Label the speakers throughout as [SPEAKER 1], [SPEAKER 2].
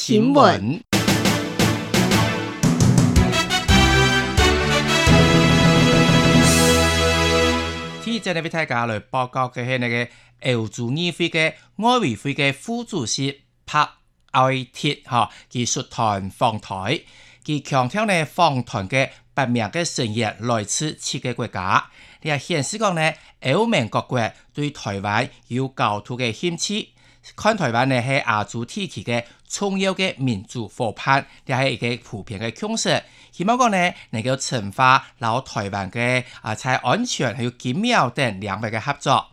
[SPEAKER 1] 新聞，今日呢俾大家嚟報告嘅係呢個 L 組議會嘅外委會嘅副主席拍愛貼吓，佢說談訪台，佢強調呢訪台嘅八名嘅成員來自七個國家，你係現時講呢，歐美各國對台灣有舊土嘅牽扯。看台灣呢，喺亞洲地區嘅重要嘅民主伙伴，定喺一個普遍嘅趨勢。希望講呢，能夠深化老台灣嘅啊財安全係要緊密等兩邊嘅合作。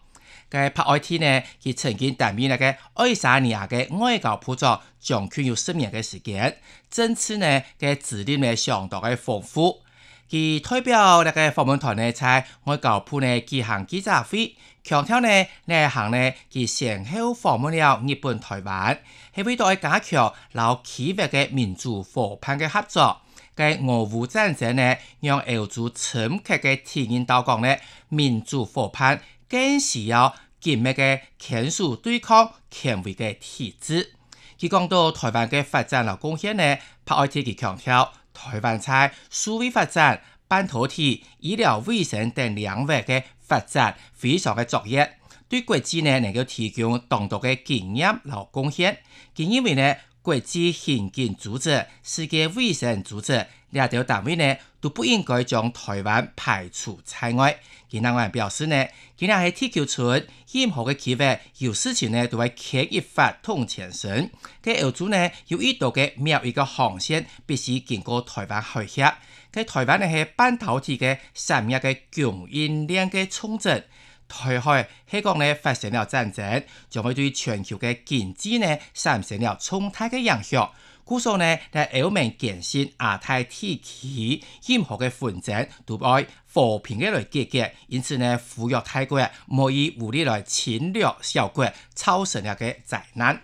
[SPEAKER 1] 嘅拍愛天呢，亦曾經談到嘅愛沙尼亞嘅外交合作，長端要十年嘅時間，因此呢，嘅資料咧相當嘅豐富。其代表嘅訪問團呢在外交部舉行記者會強調呢其行其呢一行呢，其先後訪問了日本台灣。係為了加強兩區域嘅民主伙伴嘅合作，嘅俄烏戰爭呢，讓歐洲深刻嘅體驗到講呢，民主伙伴更需要緊密嘅傾訴對抗強威嘅體制。佢講到台灣嘅發展有貢獻呢，白愛天佢強調。台灣在數位發展、半導體、醫療衛生等領域嘅發展非常嘅卓越，對國際呢能夠提供獨到嘅經驗同貢獻。更因為呢國際刑警組織、世界衛生組織呢一啲單位呢都不應該將台灣排除在外。其他人表示呢，今日係地球村，任何有事情呢，都會牽一髮動全身。佢業主呢，要依度嘅瞄住個航線，必須經過台灣海峽。佢台灣呢係半導體嘅產業嘅供應鏈嘅重鎮。台海喺國呢發生了戰爭，將會對全球嘅經濟呢，產生了沖突嘅影響。故素呢，在歐表面新亞太地區任何的紛爭都愛和平的來解決。因此呢，腐弱大國，無疑武力來侵略小國，造成一個災難。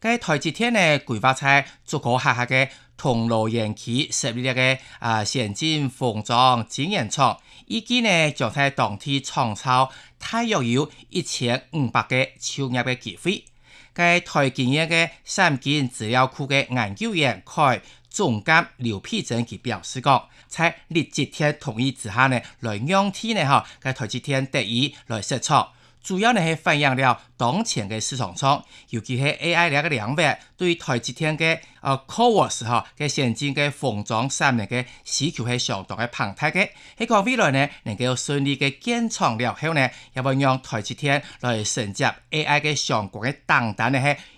[SPEAKER 1] 該台積電呢，規劃菜逐個下下嘅銅鑼園區設立個啊，先進封裝檢驗廠，依啲呢將在當地創造大約有一千五百個超入嘅機會。該台積電嘅三間資料庫嘅研究員佢總監劉丕曾佢表示講，在烈日天同意之下呢，來兩天呢吓，該台積電得以來設廠。主要呢係反映了當前嘅市場上，尤其係 AI 呢一個領域，對台積電嘅啊 CoWoS 嚇嘅現今嘅封裝三年嘅需求係相當嘅龐大嘅。希望未來呢能夠順利嘅建倉了後呢，又會讓台積電來承接 AI 嘅相關嘅訂單呢係。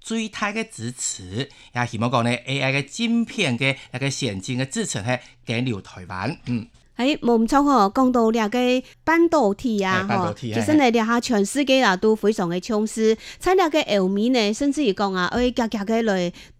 [SPEAKER 1] 最大嘅支持，也希望講呢 AI 嘅晶片嘅一個先進嘅支持係引流台灣。嗯，
[SPEAKER 2] 喺毛唔錯嗬，講到呢個半導體啊，其、欸、實、喔就是、呢下全世界啊都非常嘅重視。喺呢個後面咧，甚至於講啊，佢夾夾嘅類。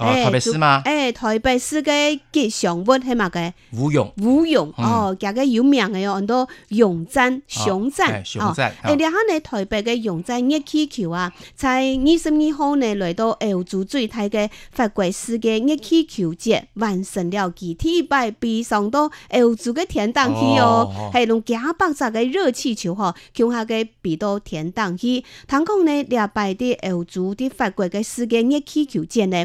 [SPEAKER 2] 誒、欸，台北市嘛？誒、欸，台北市嘅吉祥物係嘛，嘅？吳勇，吳勇哦，家個有名嘅，哦，好、嗯哦、多熊讚、哦、熊讚、哦哦欸，熊讚。誒、哦，然後咧，嗯、台北嘅熊讚熱氣球啊，在二十二號呢，嚟到歐洲最大嘅法國世界嘅熱氣球節，完成了其體代被上到歐洲嘅天頂去哦，係用幾百隻嘅熱氣球嗬、啊，橋下嘅被到天頂去，成、哦、講、哦哦、呢，迪拜啲歐洲啲法國嘅世界熱氣球節呢。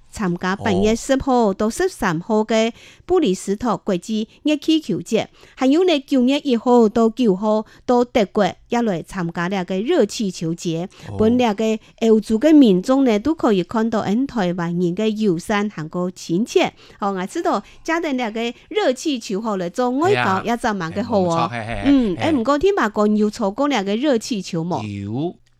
[SPEAKER 2] 參加八月十號到十三號嘅布里斯托國際熱氣球節，哦、還有呢九月一號到九號到德國一來參加呢個熱氣球節，哦、本地嘅歐洲嘅民眾呢都可以看到喺台灣人嘅友善行過親切。哦，我知道加啲呢個熱氣球號嚟做外交、啊，也真係蠻嘅好哦。嗯，誒，唔、欸、過天馬講有錯過呢個熱氣球冇。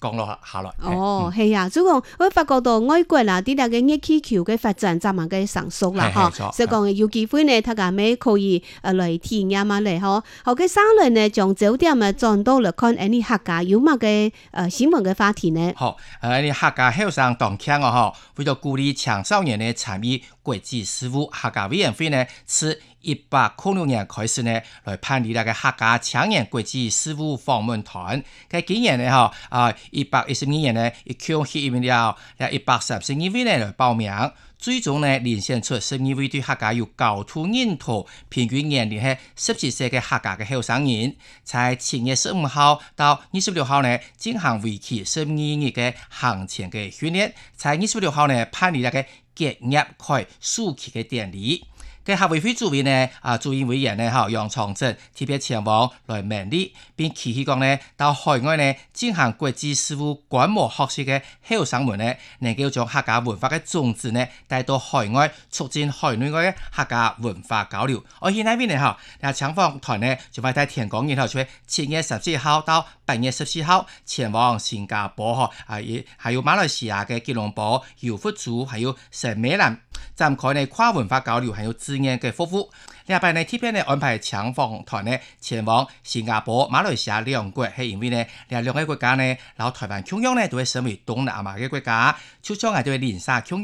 [SPEAKER 1] 降落下來哦，
[SPEAKER 2] 係、嗯、啊！所講我發覺到外國啦，啲啊個熱氣球的發展真係嘅成熟啦，哈，所以講有機會咧，大家咩可以誒嚟體驗啊嘛嚟，嗬。好，期、這個、三輪呢，從酒店啊轉到嚟看啲客家有乜嘅誒新聞嘅話題咧。
[SPEAKER 1] 嚇，誒啲客家後生當聽哦。嗬，為了鼓勵青少年呢參與國際事務，客家委員會呢是。一百零六年開始判呢，來辦理拉嘅客家青年國際事務訪問團，在今年呢嚇啊，一百一十二年呢，一共吸引了有一百三十二位呢來報名，最終呢遴選出十二位對客家有高度認同，平均年齡係十七歲嘅客家嘅後生人，在七月十五號到二十六號呢進行為期十二日嘅行程嘅訓練，在二十六號呢辦理拉個結業開暑期嘅典禮。嘅客委會主委呢，啊，主任委員呢，哈，楊長鎮特別前往來勉勵，並期許講呢，到海外呢，進行國際事務觀摩學習嘅學生們呢，能夠將客家文化嘅種子呢，帶到海外，促進海內外嘅客家文化交流。我喺呢邊呢，哈、啊，喺前訪台呢，就快帶田講，然後從七月十四號到，係廿十四號前往新加坡呵，係，係要馬來西亞嘅吉隆坡、柔佛州，還有森美蘭，展開呢跨文化交流還有資源富富，係要摯愛嘅夫婦。你係俾 T P 呢安排搶訪團呢前往新加坡、馬來西亞兩國，係因為呢，你兩個國家呢，然後台灣疆域呢都會成為東南亞嘅國家，悄悄係都會連山疆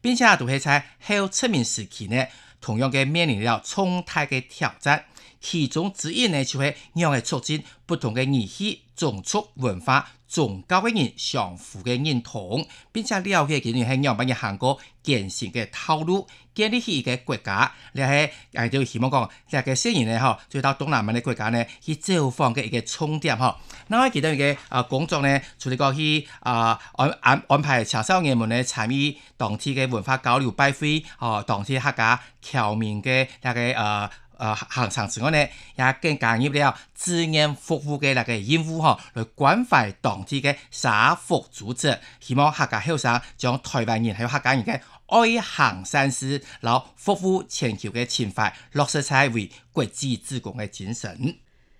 [SPEAKER 1] 並且都係在後殖民時期呢，同樣嘅面臨到生態嘅挑戰。其中之一呢，就係讓嘅促進不同嘅意識、種族、文化、宗教嘅人相互嘅認同，並且瞭解幾年係讓乜你韓國堅強嘅道路，建立起個國家。你係誒就希望講，大家雖然咧吼，就是、到東南亞嘅國家呢去走訪嘅一個重點嚇。嗱，我其中一個誒工作呢，就是過去啊、呃、安安安排青少年們呢參與當地嘅文化交流拜會誒當地客家僑民大嘅誒。呃呃，行程之外呢，也更加入了的的、哦。志願服務的嗱嘅義務嚇，嚟關懷當地的社福組織，希望客家僑社將台灣人還有客家人嘅愛行善事，然後服務全球的情懷落實在為國際志工的精神。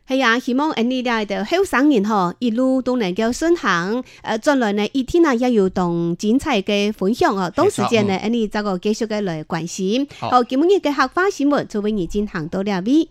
[SPEAKER 2] 係啊，希望阿你喺度後生人吼一路都能夠順行。呃，將來呢一定啊，也有同精彩嘅分享哦。到時間呢，阿你再繼續嘅來關心。 好，今日嘅客話節目就咁而進行到呢位。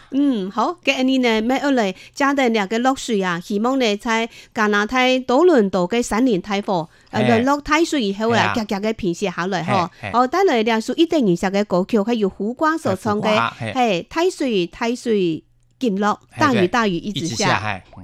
[SPEAKER 2] 嗯，好，今日你呢咩嚟？揸定兩個落水啊，希望呢在加拿大多倫多嘅森林大火，落落太水以後啊，夾夾嘅平息下來嗬。我、hey, 帶、哦 hey, 來兩首一九二十年嘅歌曲，係由胡瓜所唱嘅，係、hey, 太、hey, 水太水降落，hey, 大雨大雨一直下。Hey,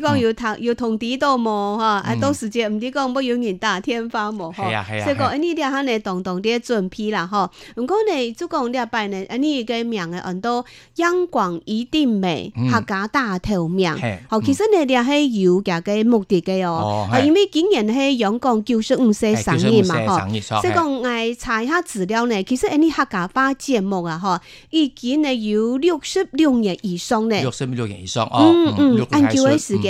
[SPEAKER 2] 講、嗯、有投有通知多無吼，啊當時節毋是講冇有人打天花冇嚇、嗯啊啊，所以講呢啲啊肯動動當啲准批啦吼，唔過呢，做講啲啊拜呢，啊呢個名嘅很多央廣一定美客家打頭名，吼、嗯，其實呢啲係有嘅目的嘅、喔、哦，啊因為今年係央廣九十五歲生日嘛，所以講我查一下資料呢，其實呢啲客家話節目啊，吼，已經呢有六十六年以上呢，六
[SPEAKER 1] 十六年以上哦，嗯嗯，按照呢時間。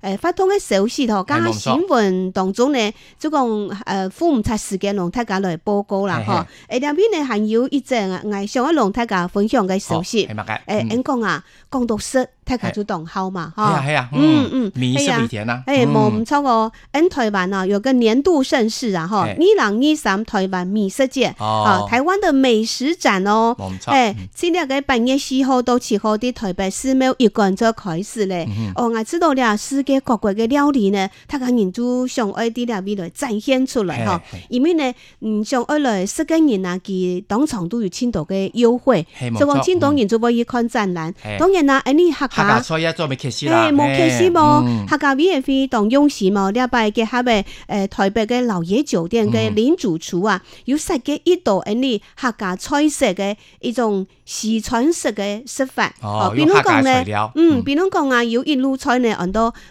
[SPEAKER 2] 誒、欸，發通誒消息吼，加下新聞當中咧，即講誒富唔錯時間讓大讓大家嚟報告啦吼。誒、欸喔欸，兩邊咧係有一啊藝術嘅讓大家分享嘅消息，
[SPEAKER 1] 誒，講、
[SPEAKER 2] 欸嗯、啊講到說大家就當好嘛吼、欸喔欸欸。嗯嗯，嗯嗯米是米啊，誒、欸，無毋錯哦，喺、欸喔、台灣啊、嗯，有個年度盛事啊，吼、欸，二零二三台灣美食節啊，台灣的美食展哦、喔，誒，即日嘅八月四號到七號啲台北世貿一館就開始咧，哦、嗯嗯嗯，我知道啦，是。各國的料理呢，佢近年都上 I D V 度展現出來。嚇、hey, hey.，因為呢，嗯，上 I 來十個人啊，佢當場都有千度的優惠，就講千度人做可以看展覽，嗯 hey. 當然啦，啲客家客家菜
[SPEAKER 1] 啊，準備開始啦，冇開始冇，
[SPEAKER 2] 客家 V F 當勇士冇，你阿擺嘅嚇的，呃，台北的老爺酒店的領主廚啊，嗯、有設計一道，啲客家菜式的一種四川式的食法，哦，比如講呢，嗯，比如講啊、嗯，有一路菜呢，好多。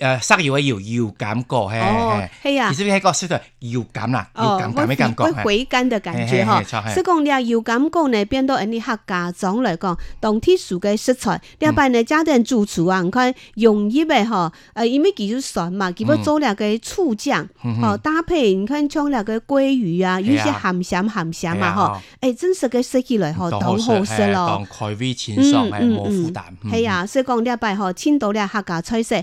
[SPEAKER 1] 呃塞腰一腰腰感覺係係，其實喺個食材腰感啦，腰感咩感，感，感，感，感，感，感，感，感覺回甘嘅感覺嗬。所以講
[SPEAKER 2] 咧腰感覺咧變到誒啲客家菜嚟講，當天熟嘅食材，你阿伯咧家庭煮廚啊，你看用啲咩嗬？誒、嗯，依啲技術熟嘛，佢要做那個醋醬，哦，搭配你看將那個鰻魚啊，有些鹹鮮鹹鮮嘛，嗬，誒，真實嘅食起來嗬，都好食咯。當蓋
[SPEAKER 1] 開胃清爽，冇負擔。係啊，
[SPEAKER 2] 所以講你阿伯嗬，聽到咧客家菜式.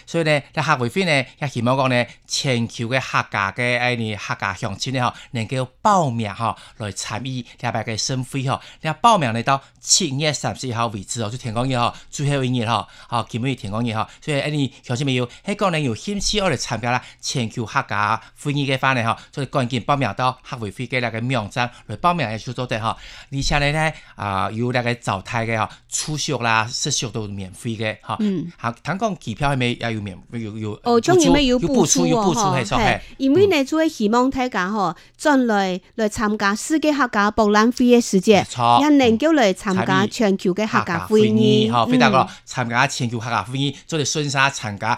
[SPEAKER 1] 所以咧，你合肥飛咧，希望講咧，全球嘅客家嘅誒，你客家鄉親咧吼，能夠報名嚇、哦、來參與今日個盛會，吼，你報名咧到七月三十一號為止哦，就填講嘢嚇，最後一年嚇，嚇基本要填講嘢嚇。所以誒，你鄉親朋友，香講人有興趣我嚟參加啦。全球客家會議嘅翻嚟，所以趕緊報名到合肥飛嘅呢個名單來報名係最多啲嚇。而且你咧啊，有啲個狀態嘅嚇，住宿啦、食宿都免費嘅嚇。嗯。嚇、嗯，談講機票係咪要？要、嗯、要，哦，當然咩要部署喎，係、哦嗯，
[SPEAKER 2] 因為你做希望大家嗬，將來來參加世界客家博覽會嘅時節，一年叫來參加全球嘅客家會議，非得個
[SPEAKER 1] 參加全球客家會議、嗯，做嚟順沙參加。